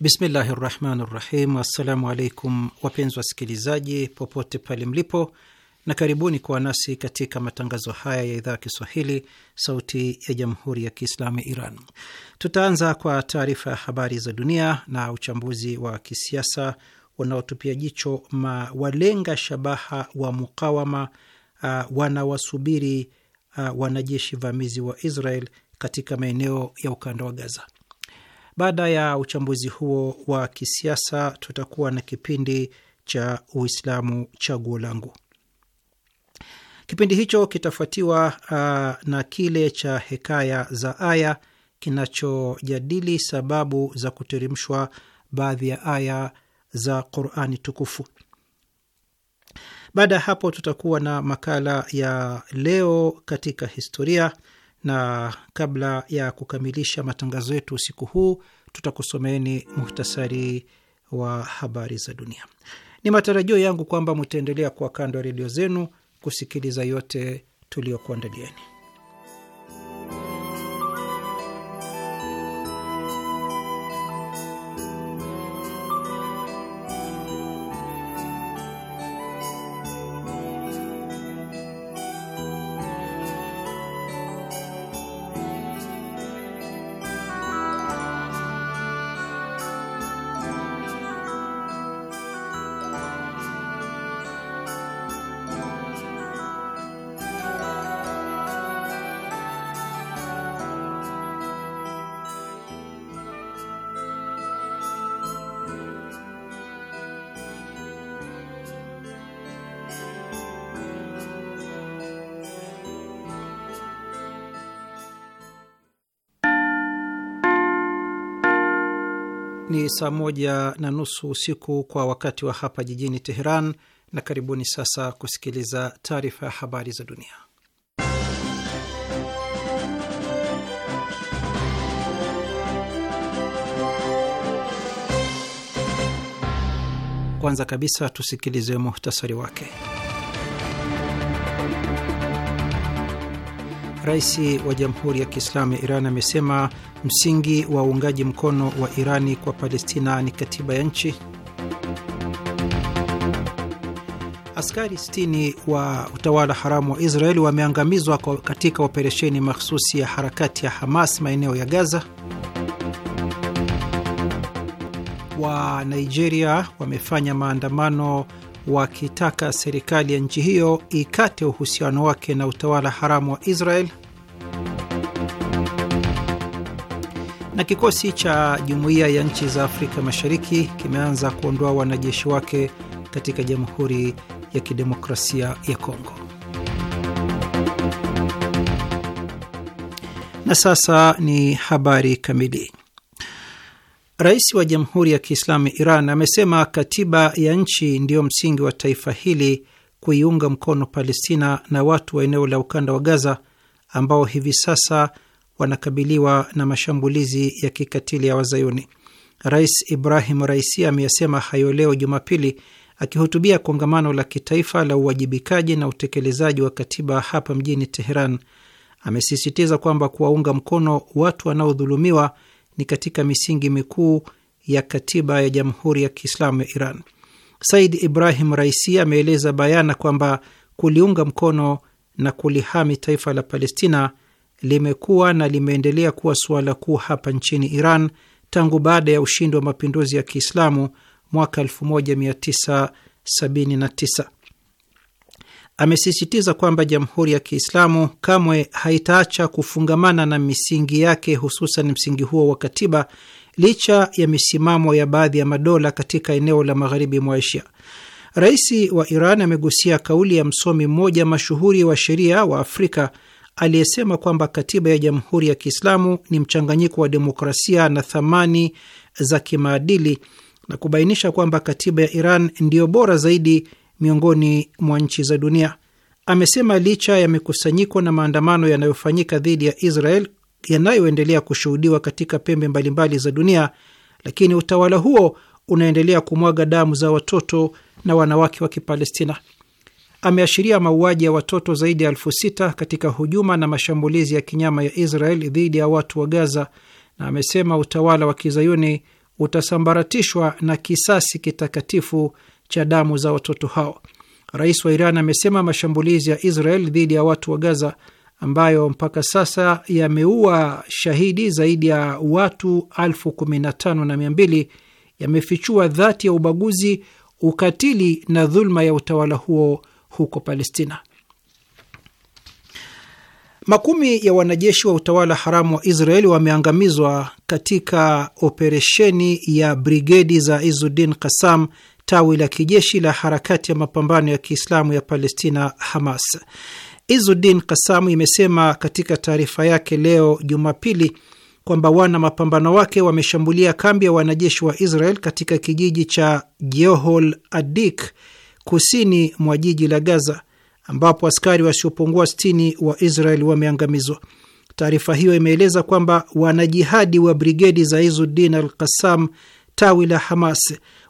Bismillahi rahmani rahim. Assalamu alaikum wapenzi wasikilizaji popote pale mlipo, na karibuni kuwa nasi katika matangazo haya ya idhaa ya Kiswahili sauti ya jamhuri ya Kiislamu ya Iran. Tutaanza kwa taarifa ya habari za dunia na uchambuzi wa kisiasa unaotupia jicho mawalenga shabaha wa mukawama uh, wanawasubiri uh, wanajeshi vamizi wa Israel katika maeneo ya ukanda wa Gaza. Baada ya uchambuzi huo wa kisiasa, tutakuwa na kipindi cha Uislamu chaguo langu. Kipindi hicho kitafuatiwa uh, na kile cha hekaya za aya kinachojadili sababu za kuteremshwa baadhi ya aya za Qurani tukufu. Baada ya hapo, tutakuwa na makala ya leo katika historia na kabla ya kukamilisha matangazo yetu usiku huu, tutakusomeeni muhtasari wa habari za dunia. Ni matarajio yangu kwamba mutaendelea kuwa kando ya redio zenu kusikiliza yote tuliyokuandalieni. ni saa moja na nusu usiku kwa wakati wa hapa jijini Teheran, na karibuni sasa kusikiliza taarifa ya habari za dunia. Kwanza kabisa tusikilize muhtasari wake. rais wa Jamhuri ya Kiislamu ya Iran amesema msingi wa uungaji mkono wa Irani kwa Palestina ni katiba ya nchi. Askari 60 wa utawala haramu wa Israeli wameangamizwa katika operesheni mahsusi ya harakati ya Hamas maeneo ya Gaza. Wa Nigeria wamefanya maandamano wakitaka serikali ya nchi hiyo ikate uhusiano wake na utawala haramu wa Israel, na kikosi cha jumuiya ya nchi za Afrika Mashariki kimeanza kuondoa wanajeshi wake katika Jamhuri ya Kidemokrasia ya Kongo. Na sasa ni habari kamili. Rais wa Jamhuri ya Kiislamu Iran amesema katiba ya nchi ndiyo msingi wa taifa hili kuiunga mkono Palestina na watu wa eneo la ukanda wa Gaza ambao hivi sasa wanakabiliwa na mashambulizi ya kikatili ya Wazayuni. Rais Ibrahim Raisi ameyasema hayo leo Jumapili akihutubia kongamano la kitaifa la uwajibikaji na utekelezaji wa katiba hapa mjini Teheran. Amesisitiza kwamba kuwaunga mkono watu wanaodhulumiwa ni katika misingi mikuu ya katiba ya Jamhuri ya Kiislamu ya Iran. Said Ibrahim Raisi ameeleza bayana kwamba kuliunga mkono na kulihami taifa la Palestina limekuwa na limeendelea kuwa suala kuu hapa nchini Iran tangu baada ya ushindi wa mapinduzi ya Kiislamu mwaka 1979 amesisitiza kwamba Jamhuri ya Kiislamu kamwe haitaacha kufungamana na misingi yake, hususan msingi huo wa katiba, licha ya misimamo ya baadhi ya madola katika eneo la magharibi mwa Asia. Rais wa Iran amegusia kauli ya msomi mmoja mashuhuri wa sheria wa Afrika aliyesema kwamba katiba ya Jamhuri ya Kiislamu ni mchanganyiko wa demokrasia na thamani za kimaadili na kubainisha kwamba katiba ya Iran ndiyo bora zaidi miongoni mwa nchi za dunia. Amesema licha ya mikusanyiko na maandamano yanayofanyika dhidi ya Israel yanayoendelea kushuhudiwa katika pembe mbalimbali za dunia, lakini utawala huo unaendelea kumwaga damu za watoto na wanawake wa Kipalestina. Ameashiria mauaji ya watoto zaidi ya elfu sita katika hujuma na mashambulizi ya kinyama ya Israel dhidi ya watu wa Gaza, na amesema utawala wa kizayuni utasambaratishwa na kisasi kitakatifu cha damu za watoto hao. Rais wa Iran amesema mashambulizi ya Israel dhidi ya watu wa Gaza ambayo mpaka sasa yameua shahidi zaidi ya watu elfu kumi na tano na mia mbili yamefichua dhati ya ubaguzi, ukatili na dhuluma ya utawala huo huko Palestina. Makumi ya wanajeshi wa utawala haramu wa Israeli wameangamizwa katika operesheni ya brigedi za Izudin kasam tawi la kijeshi la harakati ya mapambano ya Kiislamu ya Palestina, Hamas. Izuddin Kasamu imesema katika taarifa yake leo Jumapili kwamba wana mapambano wake wameshambulia kambi ya wanajeshi wa Israel katika kijiji cha Jehol Adik kusini mwa jiji la Gaza, ambapo askari wasiopungua 60 wa Israel wameangamizwa. Taarifa hiyo imeeleza kwamba wanajihadi wa brigedi za Izuddin al Qassam tawi la Hamas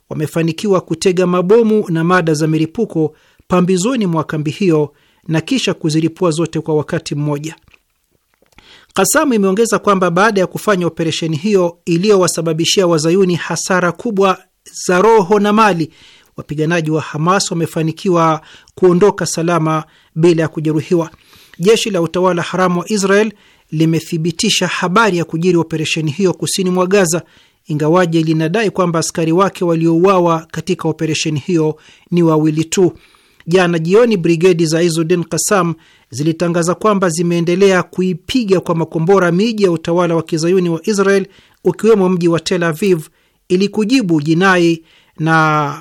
wamefanikiwa kutega mabomu na mada za milipuko pambizoni mwa kambi hiyo na kisha kuzilipua zote kwa wakati mmoja. Kasamu imeongeza kwamba baada ya kufanya operesheni hiyo iliyowasababishia wazayuni hasara kubwa za roho na mali, wapiganaji wa Hamas wamefanikiwa kuondoka salama bila ya kujeruhiwa. Jeshi la utawala haramu wa Israel limethibitisha habari ya kujiri operesheni hiyo kusini mwa Gaza ingawaje linadai kwamba askari wake waliouawa katika operesheni hiyo ni wawili tu. Jana jioni, brigedi za Izudin Kasam zilitangaza kwamba zimeendelea kuipiga kwa makombora miji ya utawala wa kizayuni wa Israel ukiwemo mji wa Tel Aviv ili kujibu jinai na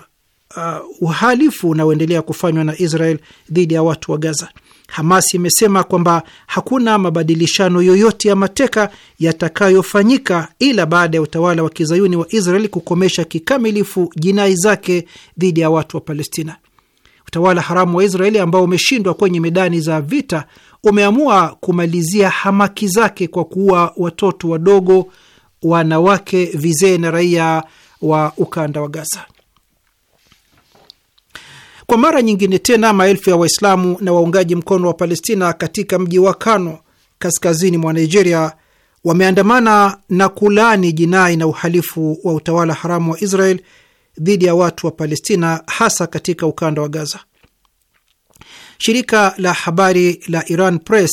uh, uhalifu unaoendelea kufanywa na Israel dhidi ya watu wa Gaza. Hamas imesema kwamba hakuna mabadilishano yoyote ya mateka yatakayofanyika ila baada ya utawala wa kizayuni wa Israeli kukomesha kikamilifu jinai zake dhidi ya watu wa Palestina. Utawala haramu wa Israeli ambao umeshindwa kwenye medani za vita umeamua kumalizia hamaki zake kwa kuua watoto wadogo, wanawake, vizee na raia wa ukanda wa Gaza. Kwa mara nyingine tena, maelfu ya Waislamu na waungaji mkono wa Palestina katika mji wa Kano kaskazini mwa Nigeria wameandamana na kulaani jinai na uhalifu wa utawala haramu wa Israel dhidi ya watu wa Palestina, hasa katika ukanda wa Gaza. Shirika la habari la Iran Press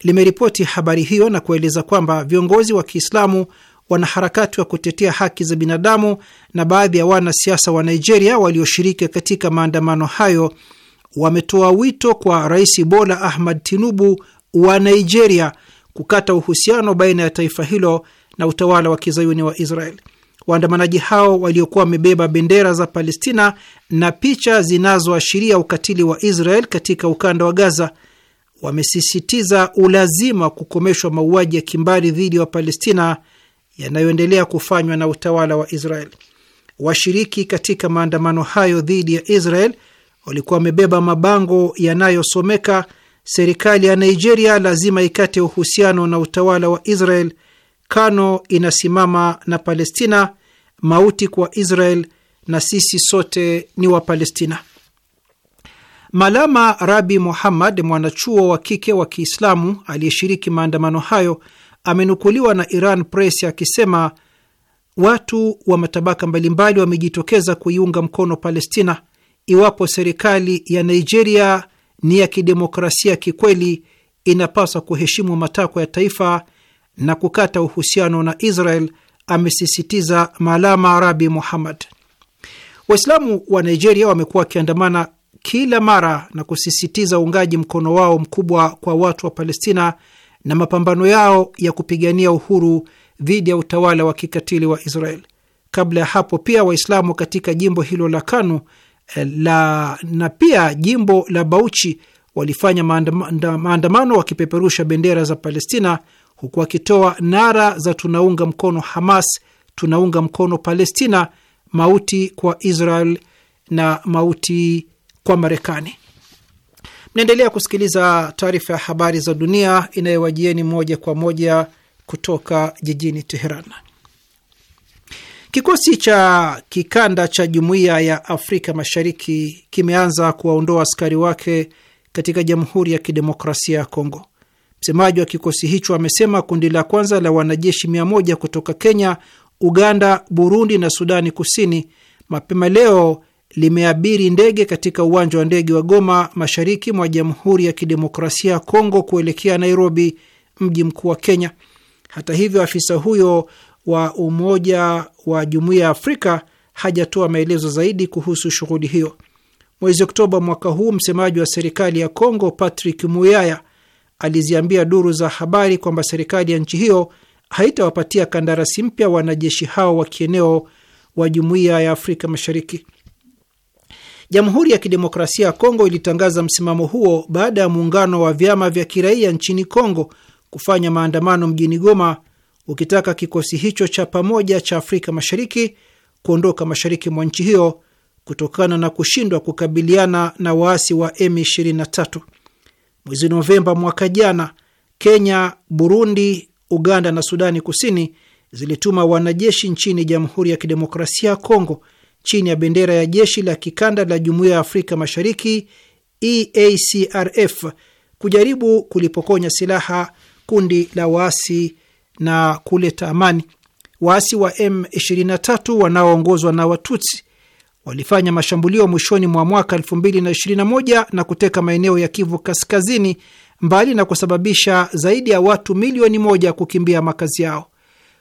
limeripoti habari hiyo na kueleza kwamba viongozi wa Kiislamu wanaharakati wa kutetea haki za binadamu na baadhi ya wanasiasa wa Nigeria walioshiriki katika maandamano hayo wametoa wito kwa Rais Bola Ahmad Tinubu wa Nigeria kukata uhusiano baina ya taifa hilo na utawala wa kizayuni wa Israel. Waandamanaji hao waliokuwa wamebeba bendera za Palestina na picha zinazoashiria ukatili wa Israel katika ukanda wa Gaza wamesisitiza ulazima wa kukomeshwa mauaji ya kimbari dhidi ya Wapalestina yanayoendelea kufanywa na utawala wa Israel. Washiriki katika maandamano hayo dhidi ya Israel walikuwa wamebeba mabango yanayosomeka serikali ya Nigeria lazima ikate uhusiano na utawala wa Israel, Kano inasimama na Palestina, mauti kwa Israel na sisi sote ni Wapalestina. Malama Rabi Muhammad, mwanachuo wa kike wa Kiislamu aliyeshiriki maandamano hayo, amenukuliwa na Iran Press akisema watu wa matabaka mbalimbali wamejitokeza kuiunga mkono Palestina iwapo serikali ya Nigeria ni ya kidemokrasia kikweli, inapaswa kuheshimu matakwa ya taifa na kukata uhusiano na Israel, amesisitiza Malama Arabi Muhammad. Waislamu wa Nigeria wamekuwa wakiandamana kila mara na kusisitiza uungaji mkono wao mkubwa kwa watu wa Palestina na mapambano yao ya kupigania uhuru dhidi ya utawala wa kikatili wa Israel. Kabla ya hapo pia Waislamu katika jimbo hilo la kanu eh, la na pia jimbo la Bauchi walifanya maandamano wakipeperusha bendera za Palestina huku wakitoa nara za tunaunga mkono Hamas, tunaunga mkono Palestina, mauti kwa Israel na mauti kwa Marekani. Mnaendelea kusikiliza taarifa ya habari za dunia inayowajieni moja kwa moja kutoka jijini Teheran. Kikosi cha kikanda cha Jumuiya ya Afrika Mashariki kimeanza kuwaondoa askari wake katika Jamhuri ya Kidemokrasia ya Kongo. Msemaji wa kikosi hicho amesema kundi la kwanza la wanajeshi mia moja kutoka Kenya, Uganda, Burundi na Sudani Kusini mapema leo limeabiri ndege katika uwanja wa ndege wa Goma, mashariki mwa Jamhuri ya Kidemokrasia ya Kongo kuelekea Nairobi, mji mkuu wa Kenya. Hata hivyo, afisa huyo wa Umoja wa Jumuiya ya Afrika hajatoa maelezo zaidi kuhusu shughuli hiyo. Mwezi Oktoba mwaka huu, msemaji wa serikali ya Kongo Patrick Muyaya aliziambia duru za habari kwamba serikali ya nchi hiyo haitawapatia kandarasi mpya wanajeshi hao wa kieneo wa Jumuiya ya Afrika Mashariki. Jamhuri ya Kidemokrasia ya Kongo ilitangaza msimamo huo baada ya muungano wa vyama vya kiraia nchini Kongo kufanya maandamano mjini Goma ukitaka kikosi hicho cha pamoja cha Afrika Mashariki kuondoka mashariki mwa nchi hiyo kutokana na kushindwa kukabiliana na waasi wa M23. Mwezi Novemba mwaka jana, Kenya, Burundi, Uganda na Sudani Kusini zilituma wanajeshi nchini Jamhuri ya Kidemokrasia ya Kongo chini ya bendera ya jeshi la kikanda la Jumuiya ya Afrika Mashariki EACRF kujaribu kulipokonya silaha kundi la waasi na kuleta amani. Waasi wa M23 wanaoongozwa na Watutsi walifanya mashambulio mwishoni mwa mwaka 2021 na kuteka maeneo ya Kivu Kaskazini, mbali na kusababisha zaidi ya watu milioni moja kukimbia makazi yao.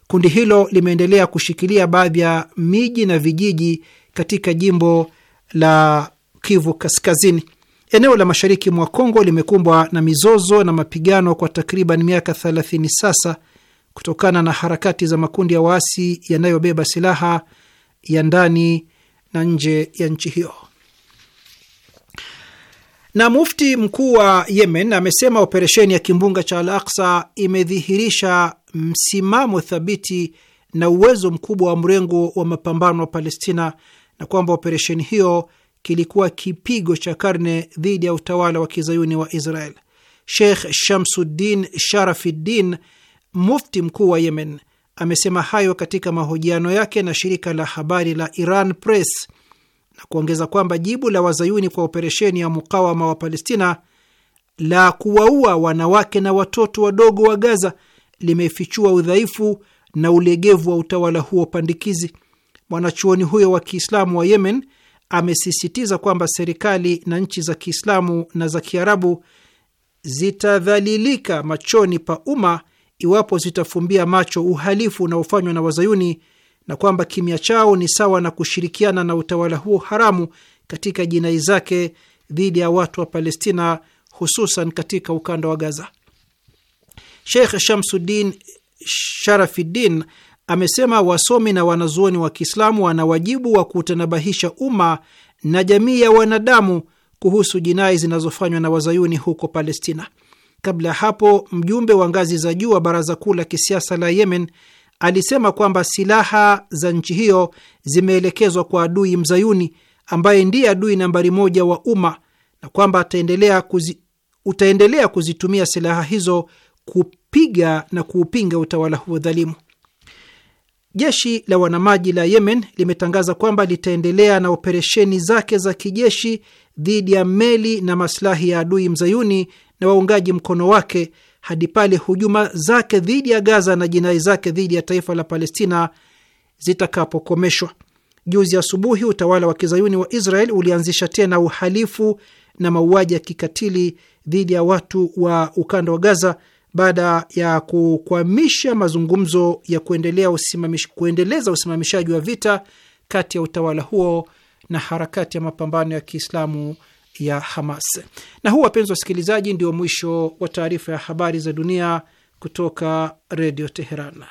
Kundi hilo limeendelea kushikilia baadhi ya miji na vijiji katika jimbo la Kivu Kaskazini. Eneo la mashariki mwa Kongo limekumbwa na mizozo na mapigano kwa takriban miaka 30 sasa kutokana na harakati za makundi ya waasi yanayobeba silaha ya ndani na nje ya nchi hiyo. Na mufti mkuu wa Yemen amesema operesheni ya kimbunga cha Al Aksa imedhihirisha msimamo thabiti na uwezo mkubwa wa mrengo wa mapambano wa Palestina na kwamba operesheni hiyo kilikuwa kipigo cha karne dhidi ya utawala wa kizayuni wa Israel. Sheikh Shamsuddin Sharafiddin, mufti mkuu wa Yemen, amesema hayo katika mahojiano yake na shirika la habari la Iran Press na kuongeza kwamba jibu la wazayuni kwa operesheni ya mukawama wa Palestina la kuwaua wanawake na watoto wadogo wa Gaza limefichua udhaifu na ulegevu wa utawala huo pandikizi. Mwanachuoni huyo wa Kiislamu wa Yemen amesisitiza kwamba serikali na nchi za Kiislamu na za Kiarabu zitadhalilika machoni pa umma iwapo zitafumbia macho uhalifu unaofanywa na Wazayuni na kwamba kimya chao ni sawa na kushirikiana na utawala huo haramu katika jinai zake dhidi ya watu wa Palestina, hususan katika ukanda wa Gaza. Sheikh Shamsuddin Sharafiddin amesema wasomi na wanazuoni wa Kiislamu wana wajibu wa kutanabahisha umma na jamii ya wanadamu kuhusu jinai zinazofanywa na wazayuni huko Palestina. Kabla ya hapo, mjumbe wa ngazi za juu wa baraza kuu la kisiasa la Yemen alisema kwamba silaha za nchi hiyo zimeelekezwa kwa adui mzayuni ambaye ndiye adui nambari moja wa umma na kwamba ataendelea kuzi, utaendelea kuzitumia silaha hizo kupiga na kuupinga utawala huo dhalimu. Jeshi la wanamaji la Yemen limetangaza kwamba litaendelea na operesheni zake za kijeshi dhidi ya meli na maslahi ya adui mzayuni na waungaji mkono wake hadi pale hujuma zake dhidi ya Gaza na jinai zake dhidi ya taifa la Palestina zitakapokomeshwa. Juzi asubuhi, utawala wa kizayuni wa Israel ulianzisha tena uhalifu na mauaji ya kikatili dhidi ya watu wa ukanda wa Gaza baada ya kukwamisha mazungumzo ya kuendelea usimamish, kuendeleza usimamishaji wa vita kati ya utawala huo na harakati ya mapambano ya Kiislamu ya Hamas. Na huu, wapenzi wasikilizaji, ndio mwisho wa taarifa ya habari za dunia kutoka Redio Teheran.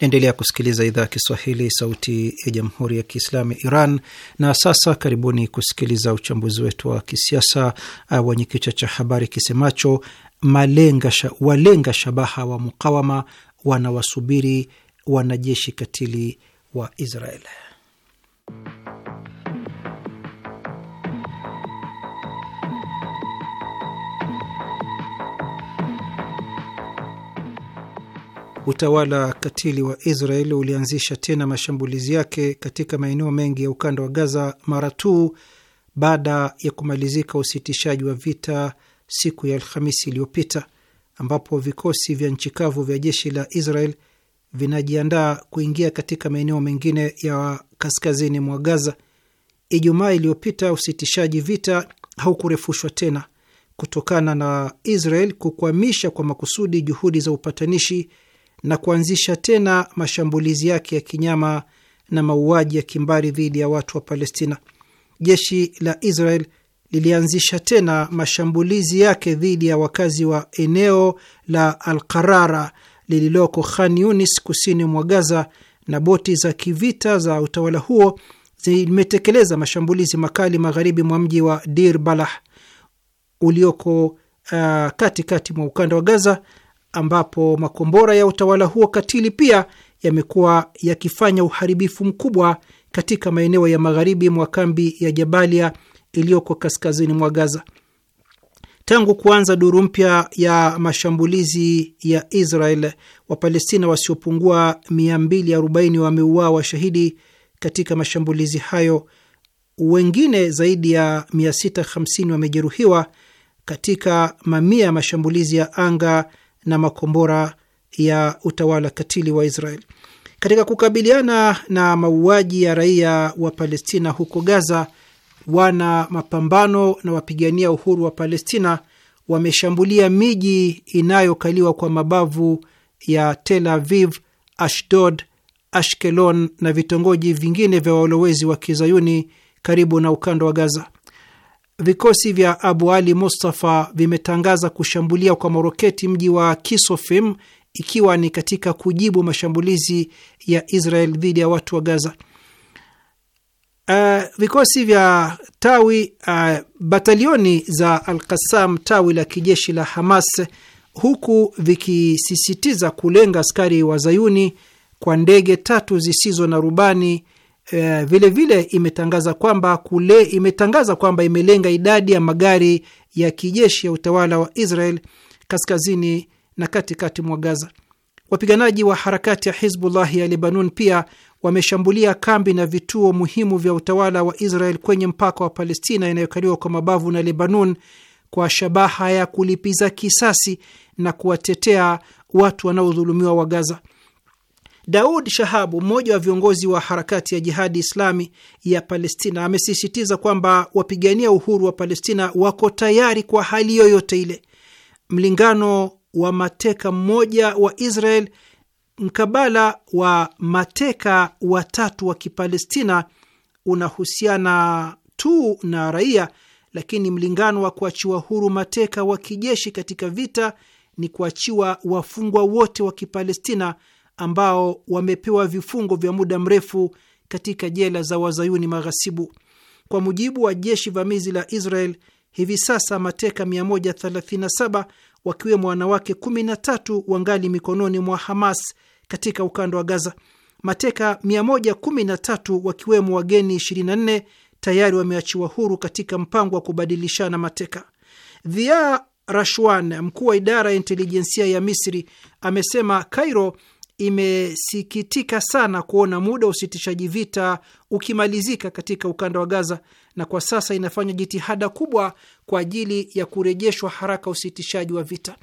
Naendelea kusikiliza idhaa ya Kiswahili, sauti ya jamhuri ya kiislamu ya Iran. Na sasa karibuni kusikiliza uchambuzi wetu wa kisiasa uh, wenye kichwa cha habari kisemacho malenga sha, walenga shabaha wa mukawama wanawasubiri wanajeshi katili wa Israel. Utawala katili wa Israel ulianzisha tena mashambulizi yake katika maeneo mengi ya ukanda wa Gaza mara tu baada ya kumalizika usitishaji wa vita siku ya Alhamisi iliyopita, ambapo vikosi vya nchi kavu vya jeshi la Israel vinajiandaa kuingia katika maeneo mengine ya kaskazini mwa Gaza. Ijumaa iliyopita usitishaji vita haukurefushwa tena kutokana na Israel kukwamisha kwa makusudi juhudi za upatanishi na kuanzisha tena mashambulizi yake ya kinyama na mauaji ya kimbari dhidi ya watu wa Palestina. Jeshi la Israel lilianzisha tena mashambulizi yake dhidi ya wakazi wa eneo la Alqarara lililoko Khan Yunis, kusini mwa Gaza, na boti za kivita za utawala huo zimetekeleza mashambulizi makali magharibi mwa mji wa Dir Balah ulioko uh, katikati mwa ukanda wa Gaza ambapo makombora ya utawala huo katili pia yamekuwa yakifanya uharibifu mkubwa katika maeneo ya magharibi mwa kambi ya Jabalia iliyoko kaskazini mwa Gaza. Tangu kuanza duru mpya ya mashambulizi ya Israel, Wapalestina wasiopungua 240 wameuawa washahidi katika mashambulizi hayo, wengine zaidi ya 650 wamejeruhiwa katika mamia ya mashambulizi ya anga na makombora ya utawala katili wa Israel. Katika kukabiliana na mauaji ya raia wa Palestina huko Gaza, wana mapambano na wapigania uhuru wa Palestina wameshambulia miji inayokaliwa kwa mabavu ya Tel Aviv, Ashdod, Ashkelon na vitongoji vingine vya walowezi wa kizayuni karibu na ukanda wa Gaza. Vikosi vya Abu Ali Mustafa vimetangaza kushambulia kwa moroketi mji wa Kisofim ikiwa ni katika kujibu mashambulizi ya Israel dhidi ya watu wa Gaza. Uh, vikosi vya tawi uh, batalioni za Al-Qassam tawi la kijeshi la Hamas huku vikisisitiza kulenga askari wa Zayuni kwa ndege tatu zisizo na rubani vilevile eh, vile imetangaza kwamba kule imetangaza kwamba imelenga idadi ya magari ya kijeshi ya utawala wa Israel kaskazini na katikati mwa Gaza. Wapiganaji wa harakati ya Hizbullah ya Lebanon pia wameshambulia kambi na vituo muhimu vya utawala wa Israel kwenye mpaka wa Palestina inayokaliwa kwa mabavu na Lebanon kwa shabaha ya kulipiza kisasi na kuwatetea watu wanaodhulumiwa wa Gaza. Daud Shahabu, mmoja wa viongozi wa harakati ya Jihadi Islami ya Palestina, amesisitiza kwamba wapigania uhuru wa Palestina wako tayari kwa hali yoyote ile. Mlingano wa mateka mmoja wa Israel mkabala wa mateka watatu wa Kipalestina unahusiana tu na raia, lakini mlingano wa kuachiwa huru mateka wa kijeshi katika vita ni kuachiwa wafungwa wote wa Kipalestina ambao wamepewa vifungo vya muda mrefu katika jela za wazayuni maghasibu. Kwa mujibu wa jeshi vamizi la Israel, hivi sasa mateka 137 wakiwemo wanawake 13 wangali mikononi mwa Hamas katika ukanda wa Gaza. Mateka 113 wakiwemo wageni 24 tayari wameachiwa huru katika mpango wa kubadilishana mateka. Dhia Rashwan, mkuu wa idara ya intelijensia ya Misri, amesema Cairo imesikitika sana kuona muda wa usitishaji vita ukimalizika katika ukanda wa Gaza, na kwa sasa inafanya jitihada kubwa kwa ajili ya kurejeshwa haraka usitishaji wa vita.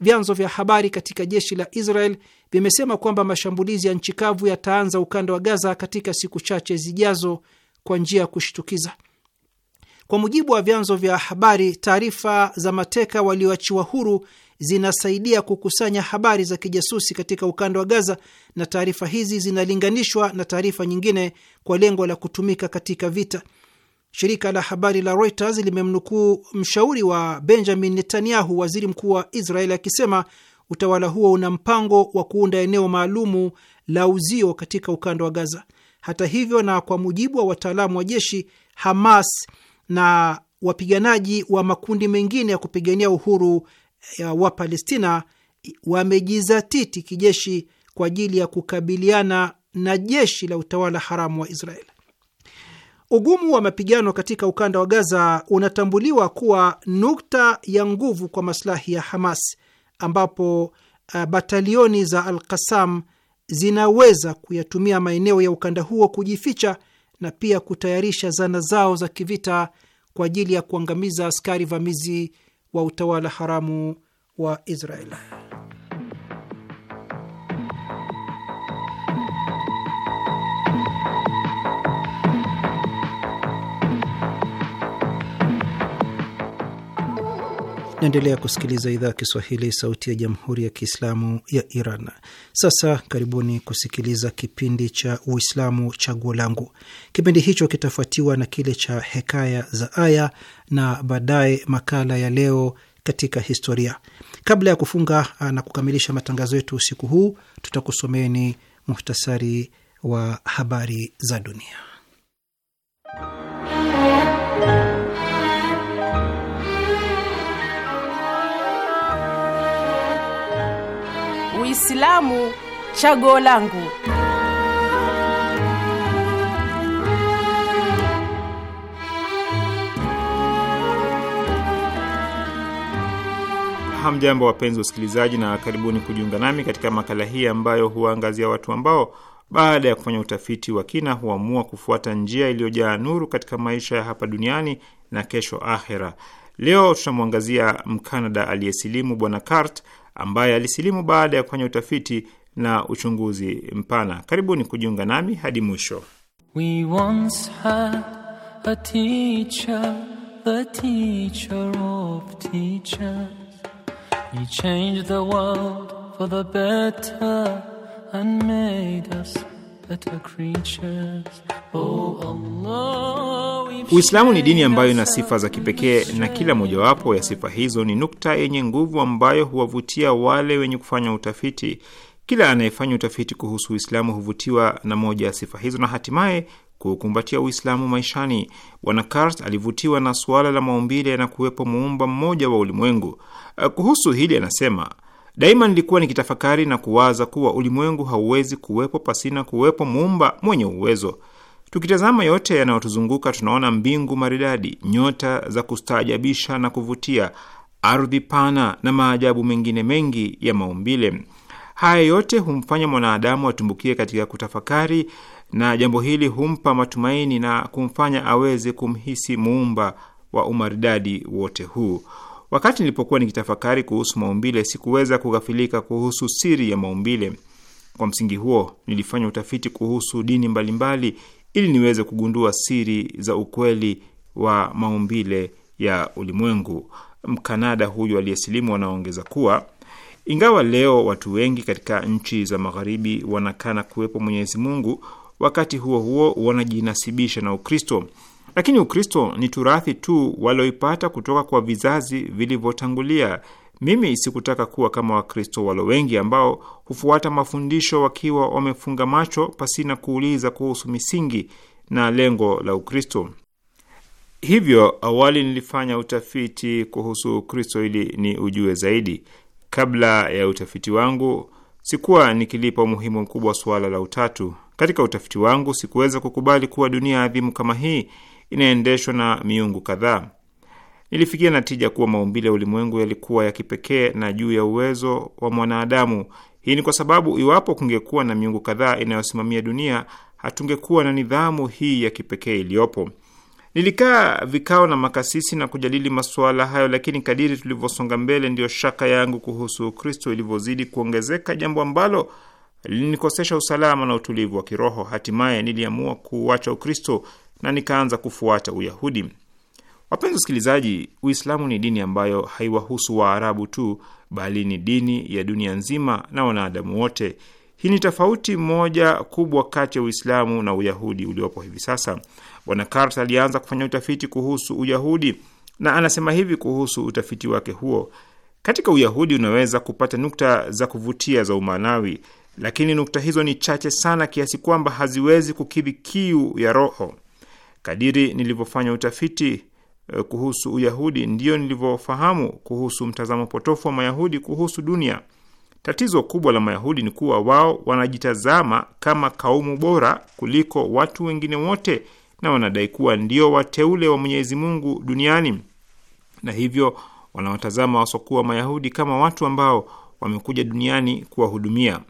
Vyanzo vya habari katika jeshi la Israel vimesema kwamba mashambulizi ya nchi kavu yataanza ukanda wa Gaza katika siku chache zijazo kwa njia ya kushtukiza. Kwa mujibu wa vyanzo vya habari, taarifa za mateka walioachiwa huru zinasaidia kukusanya habari za kijasusi katika ukanda wa Gaza, na taarifa hizi zinalinganishwa na taarifa nyingine kwa lengo la kutumika katika vita. Shirika la habari la Reuters limemnukuu mshauri wa Benjamin Netanyahu, waziri mkuu wa Israel, akisema utawala huo una mpango wa kuunda eneo maalumu la uzio katika ukanda wa Gaza. Hata hivyo, na kwa mujibu wa wataalamu wa jeshi, Hamas na wapiganaji wa makundi mengine ya kupigania uhuru wa Palestina wamejizatiti kijeshi kwa ajili ya kukabiliana na jeshi la utawala haramu wa israel Ugumu wa mapigano katika ukanda wa Gaza unatambuliwa kuwa nukta ya nguvu kwa maslahi ya Hamas, ambapo uh, batalioni za Al-Qassam zinaweza kuyatumia maeneo ya ukanda huo kujificha na pia kutayarisha zana zao za kivita kwa ajili ya kuangamiza askari vamizi wa utawala haramu wa Israeli. Naendelea kusikiliza idhaa ya Kiswahili, sauti ya jamhuri ya kiislamu ya Iran. Sasa karibuni kusikiliza kipindi cha Uislamu chaguo langu. Kipindi hicho kitafuatiwa na kile cha hekaya za aya na baadaye makala ya leo katika historia. Kabla ya kufunga ah, na kukamilisha matangazo yetu usiku huu, tutakusomeni muhtasari wa habari za dunia. Uislamu chago langu. Hamjambo, wapenzi usikilizaji, na karibuni kujiunga nami katika makala hii ambayo huwaangazia watu ambao baada ya kufanya utafiti wa kina huamua kufuata njia iliyojaa nuru katika maisha ya hapa duniani na kesho akhera. Leo tutamwangazia Mkanada aliyesilimu Bwana Cart ambaye alisilimu baada ya kufanya utafiti na uchunguzi mpana. Karibuni kujiunga nami hadi mwisho. for the better and made us Oh, Uislamu ni dini ambayo ina sifa za kipekee na kila mojawapo ya sifa hizo ni nukta yenye nguvu ambayo huwavutia wale wenye kufanya utafiti. Kila anayefanya utafiti kuhusu Uislamu huvutiwa na moja ya sifa hizo na hatimaye kukumbatia Uislamu maishani. Bwana Kant alivutiwa na suala la maumbile na kuwepo muumba mmoja wa ulimwengu. Kuhusu hili anasema Daima nilikuwa nikitafakari na kuwaza kuwa ulimwengu hauwezi kuwepo pasina kuwepo muumba mwenye uwezo. Tukitazama yote yanayotuzunguka tunaona mbingu maridadi, nyota za kustaajabisha na kuvutia, ardhi pana na maajabu mengine mengi ya maumbile. Haya yote humfanya mwanadamu atumbukie katika kutafakari, na jambo hili humpa matumaini na kumfanya aweze kumhisi muumba wa umaridadi wote huu. Wakati nilipokuwa nikitafakari kuhusu maumbile, sikuweza kughafilika kuhusu siri ya maumbile. Kwa msingi huo, nilifanya utafiti kuhusu dini mbalimbali mbali, ili niweze kugundua siri za ukweli wa maumbile ya ulimwengu. Mkanada huyu aliyesilimu anaongeza kuwa ingawa leo watu wengi katika nchi za magharibi wanakana kuwepo Mwenyezi Mungu, wakati huo huo wanajinasibisha na Ukristo. Lakini Ukristo ni turathi tu walioipata kutoka kwa vizazi vilivyotangulia. Mimi sikutaka kuwa kama Wakristo walo wengi ambao hufuata mafundisho wakiwa wamefunga macho pasina kuuliza kuhusu misingi na lengo la Ukristo. Hivyo awali nilifanya utafiti kuhusu Ukristo ili ni ujue zaidi. Kabla ya utafiti wangu sikuwa nikilipa umuhimu mkubwa suala la utatu. Katika utafiti wangu sikuweza kukubali kuwa dunia adhimu kama hii inaendeshwa na miungu kadhaa. Nilifikia natija kuwa maumbile ya ulimwengu yalikuwa ya kipekee na juu ya uwezo wa mwanadamu. Hii ni kwa sababu iwapo kungekuwa na miungu kadhaa inayosimamia dunia, hatungekuwa na nidhamu hii ya kipekee iliyopo. Nilikaa vikao na makasisi na kujadili masuala hayo, lakini kadiri tulivyosonga mbele, ndiyo shaka yangu kuhusu Ukristo ilivyozidi kuongezeka, jambo ambalo lilinikosesha usalama na utulivu wa kiroho. Hatimaye niliamua kuuacha Ukristo na nikaanza kufuata Uyahudi. Wapenzi wasikilizaji, Uislamu ni dini ambayo haiwahusu Waarabu tu, bali ni dini ya dunia nzima na wanadamu wote. Hii ni tofauti moja kubwa kati ya Uislamu na Uyahudi uliopo hivi sasa. Bwana Carter alianza kufanya utafiti kuhusu Uyahudi na anasema hivi kuhusu utafiti wake huo: katika Uyahudi unaweza kupata nukta za kuvutia za umanawi lakini nukta hizo ni chache sana kiasi kwamba haziwezi kukidhi kiu ya roho. Kadiri nilivyofanya utafiti eh, kuhusu Uyahudi, ndiyo nilivyofahamu kuhusu mtazamo potofu wa Mayahudi kuhusu dunia. Tatizo kubwa la Mayahudi ni kuwa wao wanajitazama kama kaumu bora kuliko watu wengine wote, na wanadai kuwa ndio wateule wa Mwenyezi Mungu duniani, na hivyo wanawatazama wasokuwa Mayahudi kama watu ambao wamekuja duniani kuwahudumia.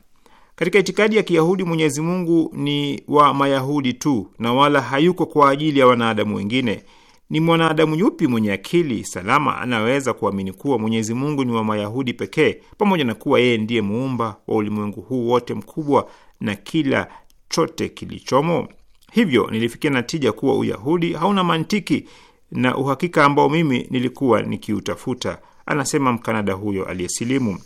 Katika itikadi ya Kiyahudi, Mwenyezi Mungu ni wa Mayahudi tu na wala hayuko kwa ajili ya wanadamu wengine. Ni mwanadamu yupi mwenye akili salama anaweza kuamini kuwa Mwenyezi Mungu ni wa Mayahudi pekee, pamoja na kuwa yeye ndiye muumba wa ulimwengu huu wote mkubwa na kila chote kilichomo? Hivyo nilifikia natija kuwa Uyahudi hauna mantiki na uhakika ambao mimi nilikuwa nikiutafuta, anasema Mkanada huyo aliyesilimu.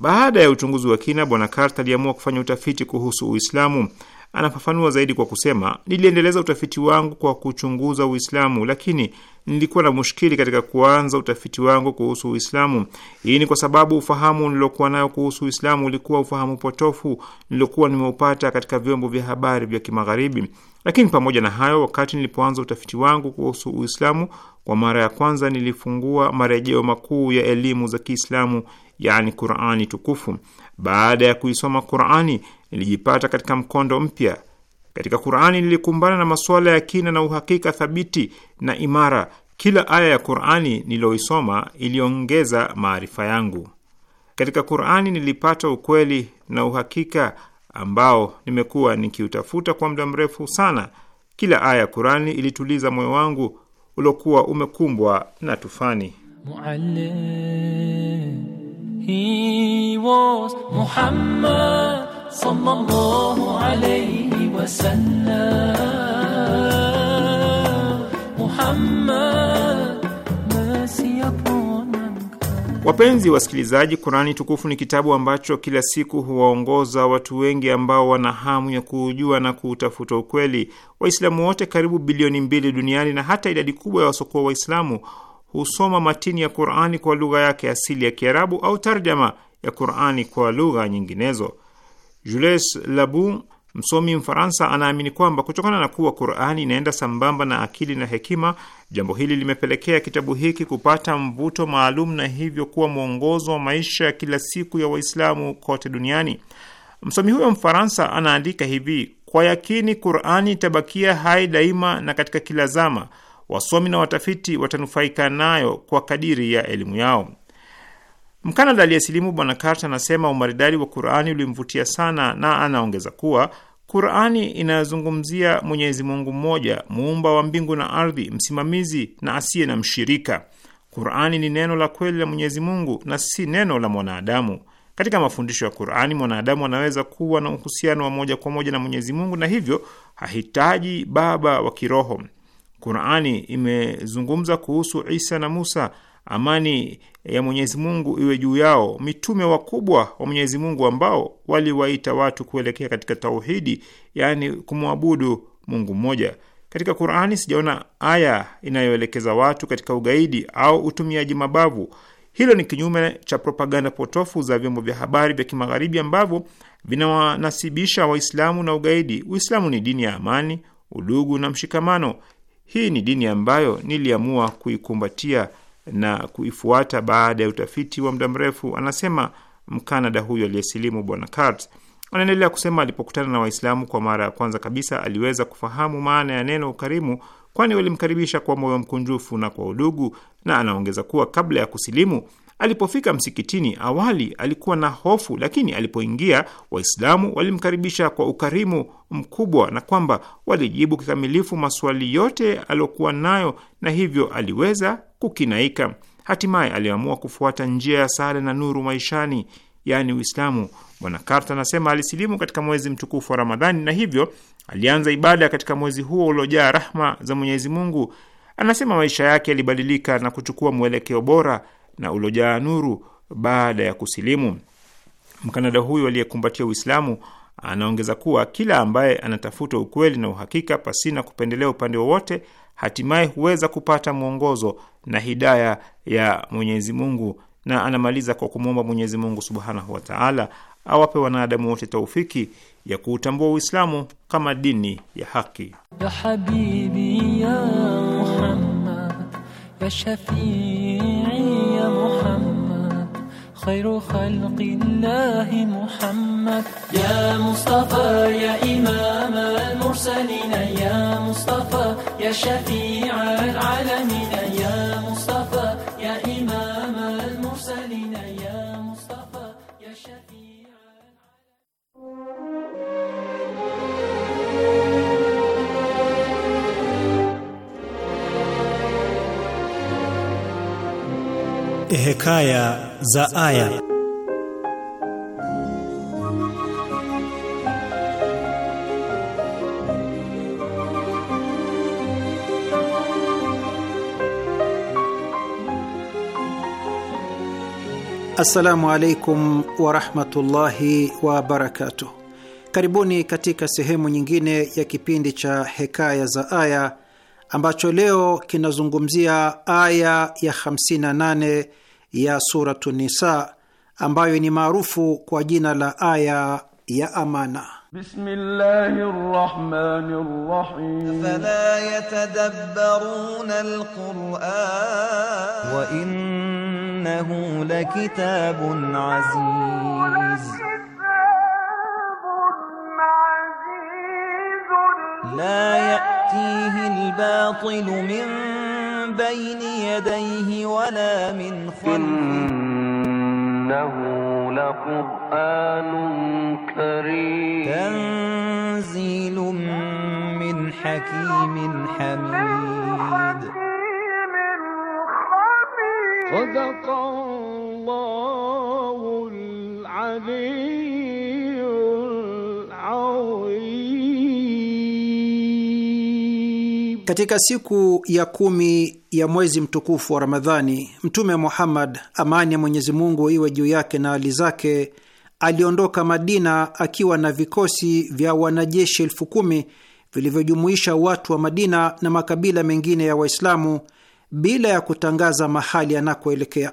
Baada ya uchunguzi wa kina, Bwana Carter aliamua kufanya utafiti kuhusu Uislamu. Anafafanua zaidi kwa kusema, niliendeleza utafiti wangu kwa kuchunguza Uislamu, lakini nilikuwa na mushkili katika kuanza utafiti wangu kuhusu Uislamu. Hii ni kwa sababu ufahamu nilokuwa nayo kuhusu Uislamu ulikuwa ufahamu potofu nilokuwa nimeupata katika vyombo vya habari vya Kimagharibi. Lakini pamoja na hayo, wakati nilipoanza utafiti wangu kuhusu Uislamu kwa mara ya kwanza, nilifungua marejeo makuu ya elimu za Kiislamu yani Qurani tukufu. Baada ya kuisoma Qurani nilijipata katika mkondo mpya. Katika Qurani nilikumbana na masuala ya kina na uhakika thabiti na imara. Kila aya ya Qurani niliyoisoma iliongeza maarifa yangu. Katika Qurani nilipata ukweli na uhakika ambao nimekuwa nikiutafuta kwa muda mrefu sana. Kila aya ya Qurani ilituliza moyo wangu uliokuwa umekumbwa na tufani. Muallim He was Muhammad sallallahu alayhi sallam Muhammad Wapenzi wasikilizaji, Qurani tukufu ni kitabu ambacho kila siku huwaongoza watu wengi ambao wana hamu ya kuujua na kuutafuta ukweli. Waislamu wote karibu bilioni mbili duniani na hata idadi kubwa ya wasokuwa Waislamu husoma matini ya Qurani kwa lugha yake asili ya Kiarabu au tarjama ya Qurani kwa lugha nyinginezo. Jules Labou, msomi Mfaransa, anaamini kwamba kutokana na kuwa Qurani inaenda sambamba na akili na hekima, jambo hili limepelekea kitabu hiki kupata mvuto maalum na hivyo kuwa mwongozo wa maisha ya kila siku ya Waislamu kote duniani. Msomi huyo Mfaransa anaandika hivi: kwa yakini Qurani itabakia hai daima na katika kila zama wasomi na watafiti watanufaika nayo kwa kadiri ya elimu yao. Mkanada aliyesilimu Bwana Carter anasema umaridadi wa Qurani ulimvutia sana, na anaongeza kuwa Qurani inazungumzia Mwenyezi Mungu mmoja, muumba wa mbingu na ardhi, msimamizi na asiye na mshirika. Qurani ni neno la kweli la Mwenyezi Mungu na si neno la mwanadamu. Katika mafundisho ya Qurani, mwanadamu anaweza kuwa na uhusiano wa moja kwa moja na Mwenyezi Mungu na hivyo hahitaji baba wa kiroho. Qurani imezungumza kuhusu Isa na Musa, amani ya Mwenyezi Mungu iwe juu yao, mitume wakubwa wa Mwenyezi Mungu ambao waliwaita watu kuelekea katika tauhidi, yaani kumwabudu Mungu mmoja. Katika Qurani sijaona aya inayoelekeza watu katika ugaidi au utumiaji mabavu. Hilo ni kinyume cha propaganda potofu za vyombo vya habari vya kimagharibi ambavyo vinawanasibisha Waislamu na ugaidi. Uislamu ni dini ya amani, udugu na mshikamano. Hii ni dini ambayo niliamua kuikumbatia na kuifuata baada ya utafiti wa muda mrefu, anasema Mkanada huyo aliyesilimu Bwana Kart. Anaendelea kusema alipokutana na Waislamu kwa mara ya kwanza kabisa aliweza kufahamu maana ya neno ukarimu, kwani walimkaribisha kwa moyo mkunjufu na kwa udugu, na anaongeza kuwa kabla ya kusilimu Alipofika msikitini, awali alikuwa na hofu, lakini alipoingia Waislamu walimkaribisha kwa ukarimu mkubwa, na kwamba walijibu kikamilifu maswali yote aliyokuwa nayo, na hivyo aliweza kukinaika. Hatimaye aliamua kufuata njia ya sare na nuru maishani, yaani Uislamu. Bwana Karta anasema alisilimu katika mwezi mtukufu wa Ramadhani, na hivyo alianza ibada katika mwezi huo uliojaa rahma za Mwenyezi Mungu. Anasema maisha yake yalibadilika na kuchukua mwelekeo bora na uliojaa nuru baada ya kusilimu. Mkanada huyu aliyekumbatia Uislamu anaongeza kuwa kila ambaye anatafuta ukweli na uhakika pasina kupendelea upande wowote, hatimaye huweza kupata mwongozo na hidaya ya Mwenyezi Mungu. Na anamaliza kwa kumwomba Mwenyezi Mungu subhanahu wataala awape wanadamu wote taufiki ya kuutambua Uislamu kama dini ya haki. Ya habibi ya Muhammad, ya محمد خير خلق الله محمد يا مصطفى يا إمام المرسلين يا مصطفى يا شفيع العالمين يا مصطفى Hekaya za Aya. Assalamu alaikum warahmatullahi wabarakatuh. Karibuni katika sehemu nyingine ya kipindi cha Hekaya za Aya ambacho leo kinazungumzia aya ya 58 ya Suratu Nisa ambayo ni maarufu kwa jina la aya ya amana. Bismillahir Rahmanir Rahim. yatadabbaruna al-Qur'an wa innahu lakitabun aziz لا يأتيه الباطل من بين يديه ولا من خلفه إنه لقرآن كريم تنزيل من حكيم حميد صدق الله العليم Katika siku ya kumi ya mwezi mtukufu wa Ramadhani, Mtume Muhammad, amani ya Mwenyezi Mungu iwe juu yake na hali zake, aliondoka Madina akiwa na vikosi vya wanajeshi elfu kumi vilivyojumuisha watu wa Madina na makabila mengine ya Waislamu bila ya kutangaza mahali anakoelekea.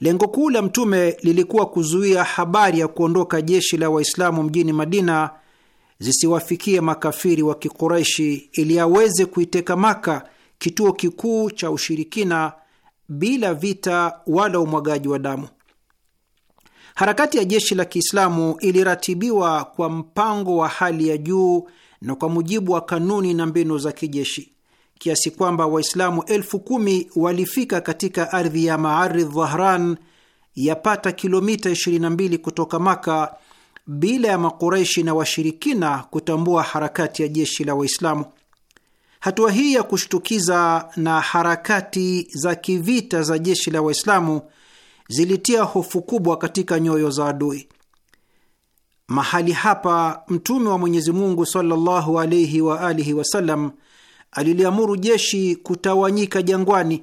Lengo kuu la Mtume lilikuwa kuzuia habari ya kuondoka jeshi la Waislamu mjini Madina zisiwafikie makafiri wa kiquraishi ili aweze kuiteka Maka, kituo kikuu cha ushirikina, bila vita wala umwagaji wa damu. Harakati ya jeshi la Kiislamu iliratibiwa kwa mpango wa hali ya juu na kwa mujibu wa kanuni na mbinu za kijeshi kiasi kwamba Waislamu elfu kumi walifika katika ardhi ya Maari Dhahran, yapata kilomita 22 kutoka Maka bila ya Makureishi na washirikina kutambua harakati ya jeshi la Waislamu. Hatua hii ya kushtukiza na harakati za kivita za jeshi la Waislamu zilitia hofu kubwa katika nyoyo za adui. Mahali hapa Mtume wa Mwenyezi Mungu sallallahu alaihi wa alihi wasallam aliliamuru jeshi kutawanyika jangwani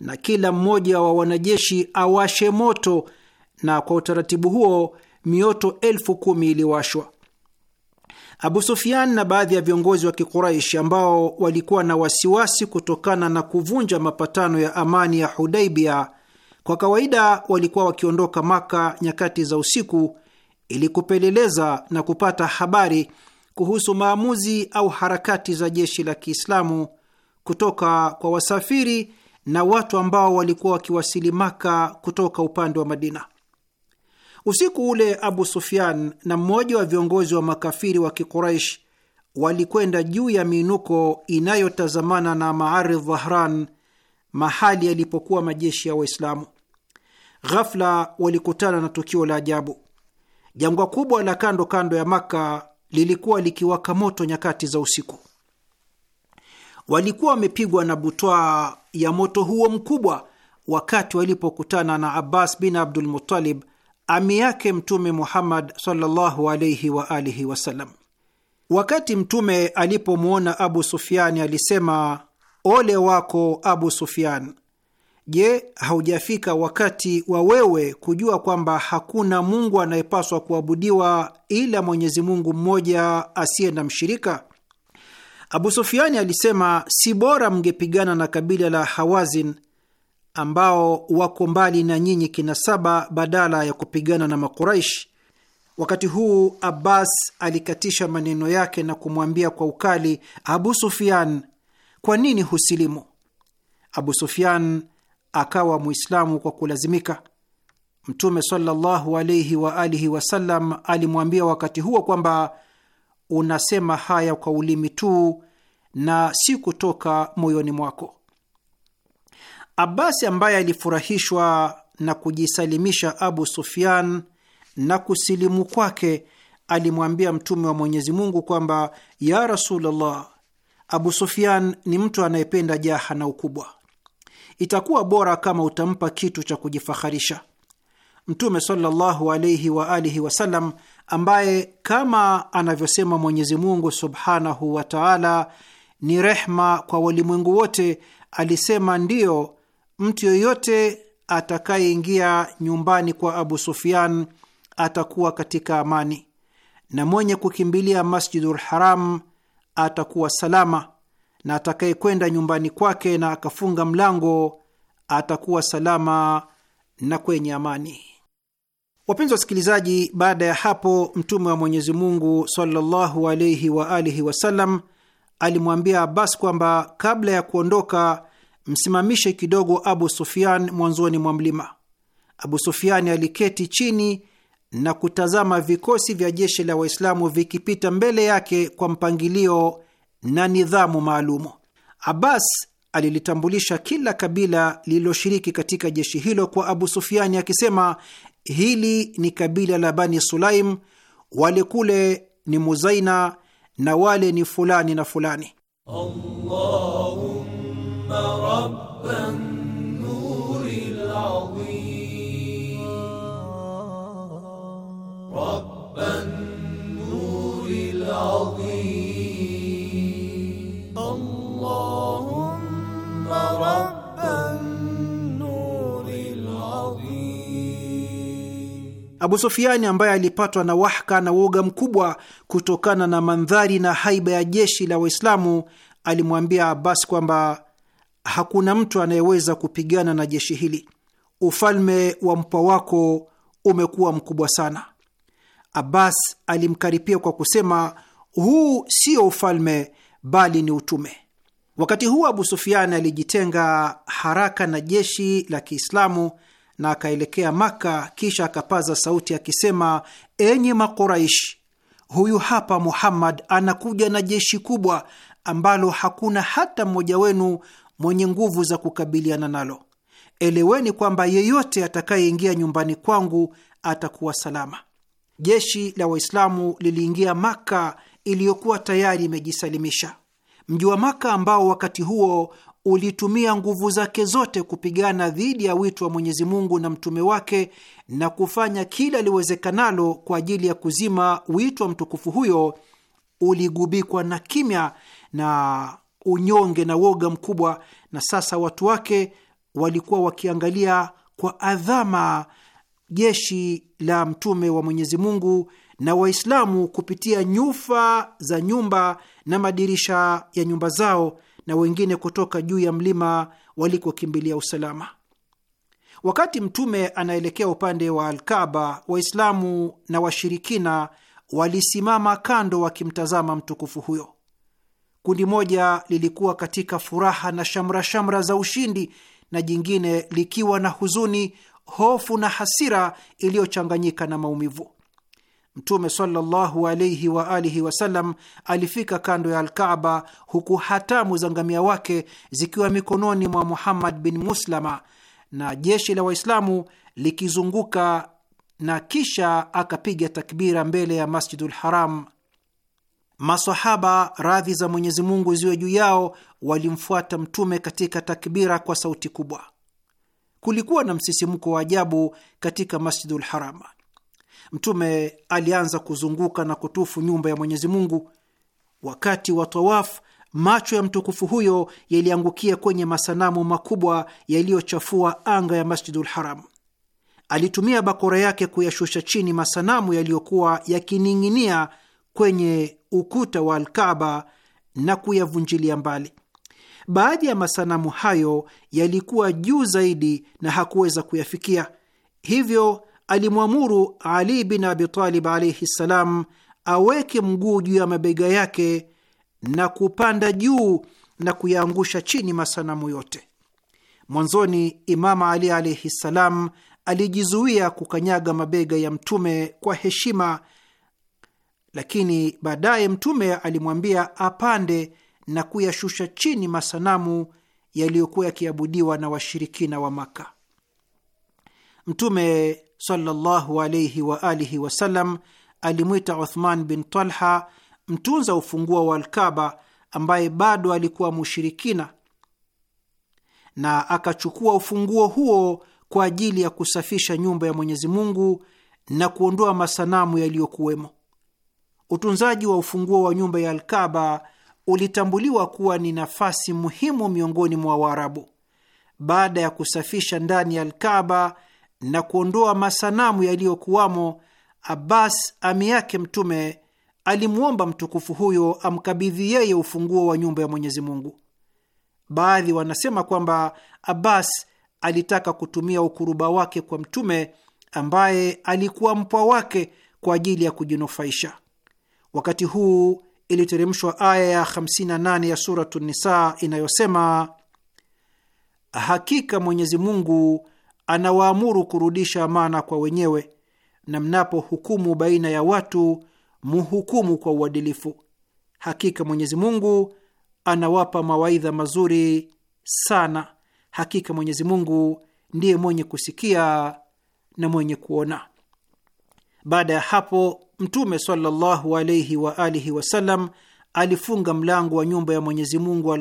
na kila mmoja wa wanajeshi awashe moto, na kwa utaratibu huo mioto elfu kumi iliwashwa. Abu sufian na baadhi ya viongozi wa Kikuraishi ambao walikuwa na wasiwasi kutokana na kuvunja mapatano ya amani ya Hudaibia, kwa kawaida walikuwa wakiondoka Maka nyakati za usiku ili kupeleleza na kupata habari kuhusu maamuzi au harakati za jeshi la Kiislamu kutoka kwa wasafiri na watu ambao walikuwa wakiwasili Maka kutoka upande wa Madina. Usiku ule Abu Sufyan na mmoja wa viongozi wa makafiri wa Kiquraish walikwenda juu ya miinuko inayotazamana na Maari Dhahran, mahali yalipokuwa majeshi ya Waislamu. Ghafla walikutana na tukio la ajabu. Jangwa kubwa la kando kando ya makka lilikuwa likiwaka moto nyakati za usiku. Walikuwa wamepigwa na butwaa ya moto huo mkubwa wakati walipokutana na Abbas bin Abdul Muttalib ami yake Mtume Muhammad sallallahu wa alihi wasallam. Wakati Mtume alipomwona Abu Sufyani alisema, ole wako Abu Sufyan, je, haujafika wakati wa wewe kujua kwamba hakuna Mungu anayepaswa kuabudiwa ila Mwenyezi Mungu mmoja asiye na mshirika? Abu Sufiani alisema, si bora mngepigana na kabila la Hawazin ambao wako mbali na nyinyi kinasaba badala ya kupigana na Makuraishi. Wakati huu Abbas alikatisha maneno yake na kumwambia kwa ukali Abu Sufyan, kwa nini husilimu? Abu Sufyan akawa Mwislamu kwa kulazimika. Mtume sallallahu alayhi wa alihi wasallam alimwambia wakati huo kwamba unasema haya kwa ulimi tu na si kutoka moyoni mwako. Abasi ambaye alifurahishwa na kujisalimisha Abu Sufyan na kusilimu kwake, alimwambia Mtume wa Mwenyezi Mungu kwamba ya Rasulullah, Abu Sufyan ni mtu anayependa jaha na ukubwa, itakuwa bora kama utampa kitu cha kujifaharisha. Mtume sallallahu alayhi wa alihi wasallam, ambaye kama anavyosema Mwenyezi Mungu subhanahu wa taala ni rehma kwa walimwengu wote, alisema ndiyo mtu yoyote atakayeingia nyumbani kwa Abu Sufyan atakuwa katika amani na mwenye kukimbilia Masjidul Haram atakuwa salama, na atakayekwenda nyumbani kwake na akafunga mlango atakuwa salama na kwenye amani. Wapenzi wasikilizaji, baada ya hapo Mtume wa Mwenyezi Mungu sallallahu alaihi wa alihi wasallam alimwambia Abbas kwamba kabla ya kuondoka msimamishe kidogo Abu Sufyan mwanzoni mwa mlima. Abu Sufyan aliketi chini na kutazama vikosi vya jeshi la Waislamu vikipita mbele yake kwa mpangilio na nidhamu maalumu. Abbas alilitambulisha kila kabila lililoshiriki katika jeshi hilo kwa Abu Sufiani akisema, hili ni kabila la Bani Sulaim, wale kule ni Muzaina na wale ni fulani na fulani. Allahu Abu sufiani ambaye alipatwa na wahka na woga mkubwa kutokana na mandhari na haiba ya jeshi la Waislamu alimwambia Abbas kwamba hakuna mtu anayeweza kupigana na jeshi hili. Ufalme wa mpwa wako umekuwa mkubwa sana. Abbas alimkaripia kwa kusema, huu sio ufalme bali ni utume. Wakati huo Abu Sufiani alijitenga haraka na jeshi la Kiislamu na akaelekea Maka, kisha akapaza sauti akisema, enyi Makoraishi, huyu hapa Muhammad anakuja na jeshi kubwa ambalo hakuna hata mmoja wenu mwenye nguvu za kukabiliana nalo. Eleweni kwamba yeyote atakayeingia nyumbani kwangu atakuwa salama. Jeshi la Waislamu liliingia Maka iliyokuwa tayari imejisalimisha. Mji wa Maka ambao wakati huo ulitumia nguvu zake zote kupigana dhidi ya wito wa Mwenyezi Mungu na mtume wake na kufanya kila liwezekanalo kwa ajili ya kuzima wito wa mtukufu huyo, uligubikwa na kimya na unyonge na woga mkubwa, na sasa watu wake walikuwa wakiangalia kwa adhama jeshi la mtume wa Mwenyezi Mungu na Waislamu kupitia nyufa za nyumba na madirisha ya nyumba zao, na wengine kutoka juu ya mlima walikokimbilia usalama. Wakati mtume anaelekea upande wa Alkaba, Waislamu na washirikina walisimama kando wakimtazama mtukufu huyo. Kundi moja lilikuwa katika furaha na shamra shamra za ushindi na jingine likiwa na huzuni, hofu na hasira iliyochanganyika na maumivu. Mtume sallallahu alaihi wa alihi wasallam alifika kando ya Alkaaba huku hatamu za ngamia wake zikiwa mikononi mwa Muhammad bin Muslama na jeshi la Waislamu likizunguka, na kisha akapiga takbira mbele ya Masjidul Haram Masahaba radhi za Mwenyezi Mungu ziwe juu yao walimfuata Mtume katika takbira kwa sauti kubwa. Kulikuwa na msisimko wa ajabu katika Masjidul Haram. Mtume alianza kuzunguka na kutufu nyumba ya Mwenyezi Mungu. Wakati wa tawaf, macho ya mtukufu huyo yaliangukia kwenye masanamu makubwa yaliyochafua anga ya Masjidul Haram. Alitumia bakora yake kuyashusha chini masanamu yaliyokuwa yakining'inia kwenye ukuta wa alkaba na kuyavunjilia mbali. Baadhi ya masanamu hayo yalikuwa juu zaidi na hakuweza kuyafikia, hivyo alimwamuru Ali bin Abitalib alaihi ssalam aweke mguu juu ya mabega yake na kupanda juu na kuyaangusha chini masanamu yote. Mwanzoni Imamu Ali alaihi ssalam alijizuia kukanyaga mabega ya Mtume kwa heshima lakini baadaye Mtume alimwambia apande na kuyashusha chini masanamu yaliyokuwa yakiabudiwa na washirikina wa Maka. Mtume sallallahu alayhi wa alihi wasallam alimwita Uthman bin Talha, mtunza ufunguo wa Alkaba, ambaye bado alikuwa mushirikina, na akachukua ufunguo huo kwa ajili ya kusafisha nyumba ya Mwenyezi Mungu na kuondoa masanamu yaliyokuwemo. Utunzaji wa ufunguo wa nyumba ya Alkaba ulitambuliwa kuwa ni nafasi muhimu miongoni mwa Waarabu. Baada ya kusafisha ndani ya Alkaba na kuondoa masanamu yaliyokuwamo, Abbas ami yake Mtume alimwomba mtukufu huyo amkabidhi yeye ufunguo wa nyumba ya Mwenyezi Mungu. Baadhi wanasema kwamba Abbas alitaka kutumia ukuruba wake kwa Mtume ambaye alikuwa mpwa wake kwa ajili ya kujinufaisha. Wakati huu iliteremshwa aya ya 58 ya Suratu Nisa inayosema, hakika Mwenyezi Mungu anawaamuru kurudisha amana kwa wenyewe, na mnapohukumu baina ya watu muhukumu kwa uadilifu. Hakika Mwenyezi Mungu anawapa mawaidha mazuri sana. Hakika Mwenyezi Mungu ndiye mwenye kusikia na mwenye kuona. Baada ya hapo Mtume sallallahu alaihi wa alihi wasallam alifunga mlango wa nyumba ya Mwenyezi Mungu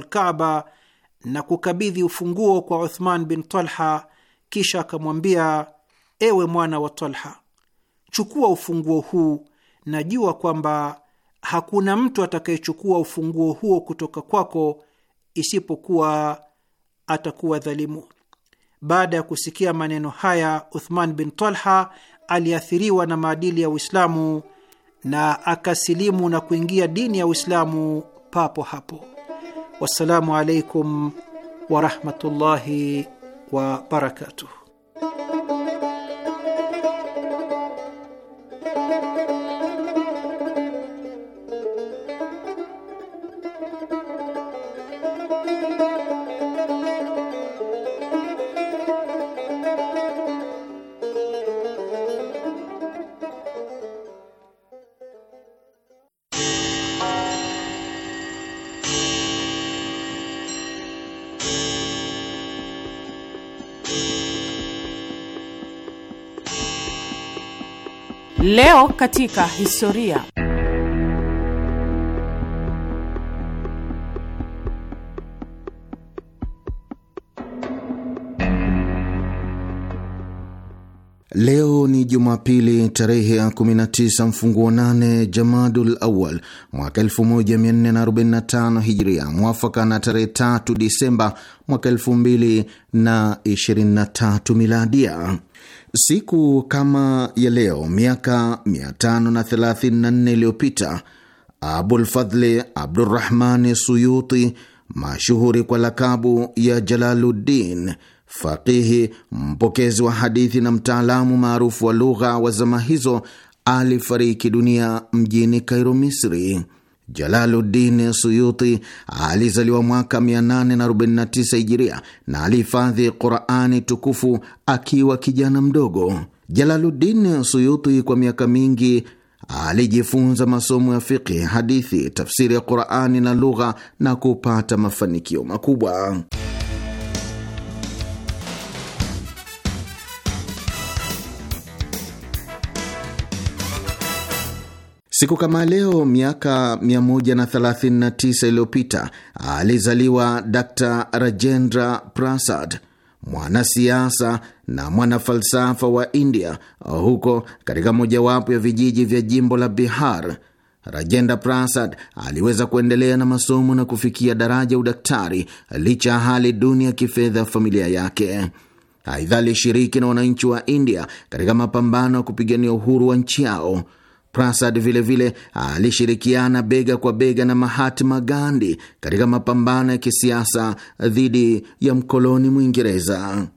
na kukabidhi ufunguo kwa Uthman bin Talha, kisha akamwambia: ewe mwana wa Talha, chukua ufunguo huu, najua kwamba hakuna mtu atakayechukua ufunguo huo kutoka kwako isipokuwa atakuwa dhalimu. Baada ya kusikia maneno haya, Uthman bin Talha aliathiriwa na maadili ya Uislamu na akasilimu na kuingia dini ya Uislamu papo hapo. Wassalamu alaikum warahmatullahi wabarakatuh. Leo katika historia. Leo ni Jumapili tarehe ya 19 mfunguo nane Jamadul Awal mwaka 1445 Hijria, mwafaka na tarehe 3 Disemba mwaka 2023 Miladia. Siku kama ya leo miaka 534 iliyopita Abulfadli Abdurrahmani Suyuti, mashuhuri kwa lakabu ya Jalaluddin, faqihi mpokezi wa hadithi na mtaalamu maarufu wa lugha wa zama hizo, alifariki dunia mjini Kairo, Misri. Jalaluddin Suyuti alizaliwa mwaka 849 Hijiria na alihifadhi Qurani tukufu akiwa kijana mdogo. Jalaluddin Suyuti kwa miaka mingi alijifunza masomo ya fiqhi, hadithi, tafsiri ya Qurani na lugha na kupata mafanikio makubwa. Siku kama leo miaka 139 iliyopita alizaliwa Dr Rajendra Prasad, mwanasiasa na mwanafalsafa wa India, huko katika mojawapo ya vijiji vya jimbo la Bihar. Rajendra Prasad aliweza kuendelea na masomo na kufikia daraja udaktari licha ya hali duni ya kifedha ya familia yake. Aidha, alishiriki na wananchi wa India katika mapambano ya kupigania uhuru wa nchi yao. Prasad vilevile alishirikiana bega kwa bega na Mahatma Gandhi katika mapambano ya kisiasa dhidi ya mkoloni Mwingereza.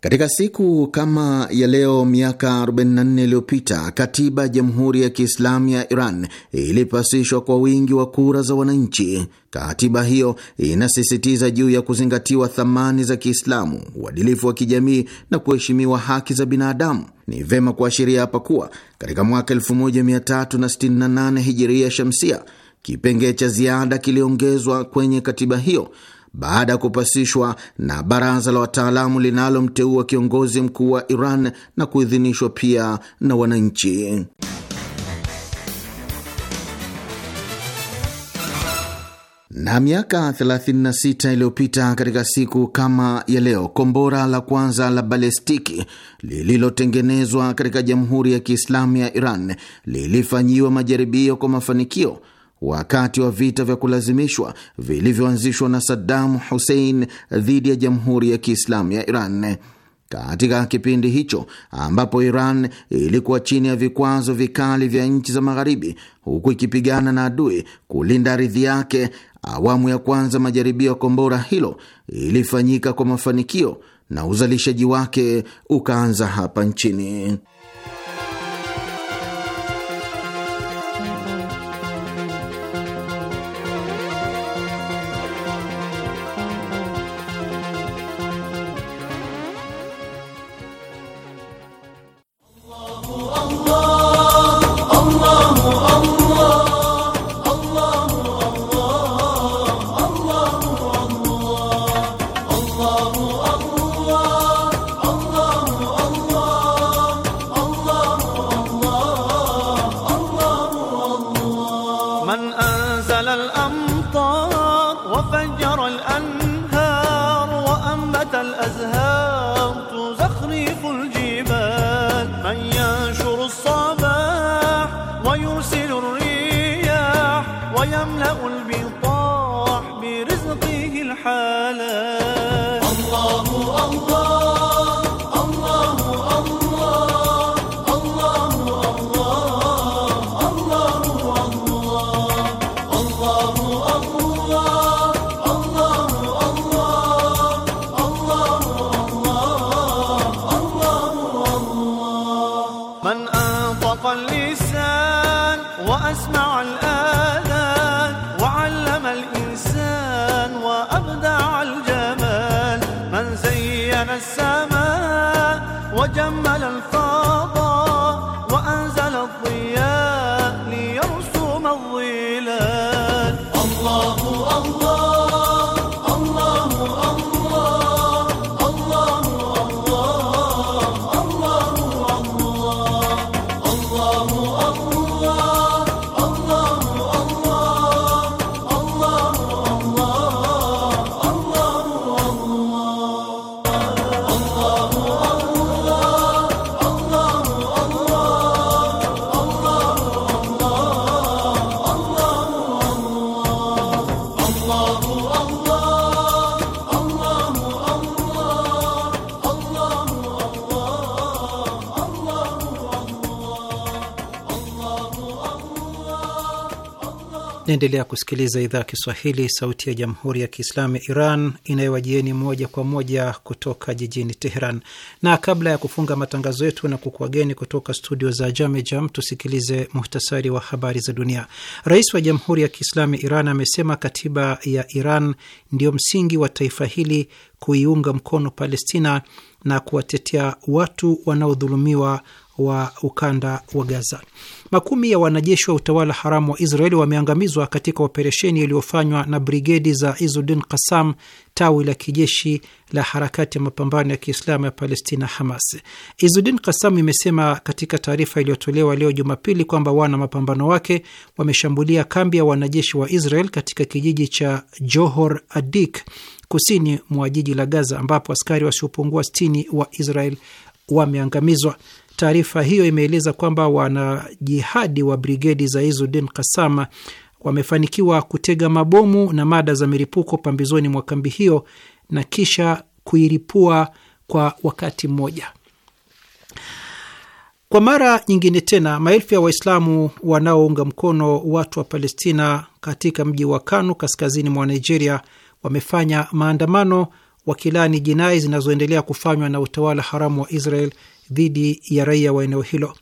Katika siku kama ya leo miaka 44 iliyopita katiba ya Jamhuri ya Kiislamu ya Iran ilipasishwa kwa wingi wa kura za wananchi. Katiba hiyo inasisitiza juu ya kuzingatiwa thamani za Kiislamu, uadilifu wa kijamii na kuheshimiwa haki za binadamu. Ni vema kuashiria hapa kuwa katika mwaka 1368 hijiria shamsia kipengee cha ziada kiliongezwa kwenye katiba hiyo baada ya kupasishwa na baraza la wataalamu linalomteua kiongozi mkuu wa Iran na kuidhinishwa pia na wananchi. Na miaka 36 iliyopita katika siku kama ya leo, kombora la kwanza la balestiki lililotengenezwa katika Jamhuri ya Kiislamu ya Iran lilifanyiwa majaribio kwa mafanikio wakati wa vita vya kulazimishwa vilivyoanzishwa na Saddam Hussein dhidi ya Jamhuri ya Kiislamu ya Iran. Katika kipindi hicho ambapo Iran ilikuwa chini ya vikwazo vikali vya nchi za Magharibi, huku ikipigana na adui kulinda ardhi yake, awamu ya kwanza majaribio ya kombora hilo ilifanyika kwa mafanikio na uzalishaji wake ukaanza hapa nchini. Naendelea kusikiliza idhaa ya Kiswahili, sauti ya jamhuri ya kiislamu ya Iran inayowajieni moja kwa moja kutoka jijini Teheran. Na kabla ya kufunga matangazo yetu na kukuageni kutoka studio za Jamejam, tusikilize muhtasari wa habari za dunia. Rais wa jamhuri ya kiislamu ya Iran amesema katiba ya Iran ndiyo msingi wa taifa hili kuiunga mkono Palestina na kuwatetea watu wanaodhulumiwa wa ukanda wa Gaza. Makumi ya wanajeshi wa utawala haramu wa Israeli wameangamizwa katika operesheni iliyofanywa na brigedi za Izudin Kasam, tawi la kijeshi la harakati ya mapambano ya Kiislamu ya Palestina, Hamas. Izudin Kasam imesema katika taarifa iliyotolewa leo Jumapili kwamba wana mapambano wake wameshambulia kambi ya wanajeshi wa Israel katika kijiji cha Johor Adik kusini mwa jiji la Gaza, ambapo askari wasiopungua 60 wa Israel wameangamizwa. Taarifa hiyo imeeleza kwamba wanajihadi wa brigedi za Izudin Kasam wamefanikiwa kutega mabomu na mada za milipuko pambizoni mwa kambi hiyo na kisha kuiripua kwa wakati mmoja. Kwa mara nyingine tena, maelfu ya Waislamu wanaounga mkono watu wa Palestina katika mji wa Kano kaskazini mwa Nigeria wamefanya maandamano wakilani jinai zinazoendelea kufanywa na utawala haramu wa Israel dhidi ya raia wa eneo hilo.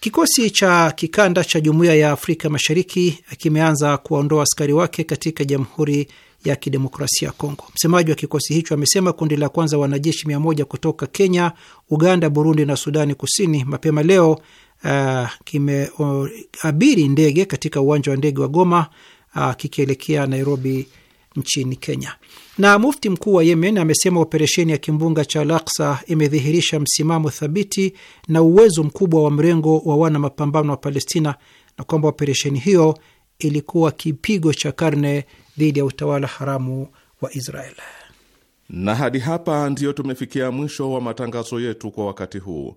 Kikosi cha kikanda cha Jumuiya ya Afrika Mashariki kimeanza kuwaondoa askari wake katika Jamhuri ya Kidemokrasia ya Kongo. Msemaji wa kikosi hicho amesema kundi la kwanza wanajeshi mia moja kutoka Kenya, Uganda, Burundi na Sudani Kusini mapema leo uh, kimeabiri ndege katika uwanja wa ndege wa Goma uh, kikielekea Nairobi nchini Kenya. Na mufti mkuu wa Yemen amesema operesheni ya kimbunga cha Al-Aqsa imedhihirisha msimamo thabiti na uwezo mkubwa wa mrengo wa wana mapambano wa Palestina na kwamba operesheni hiyo ilikuwa kipigo cha karne dhidi ya utawala haramu wa Israel. Na hadi hapa ndiyo tumefikia mwisho wa matangazo yetu kwa wakati huu.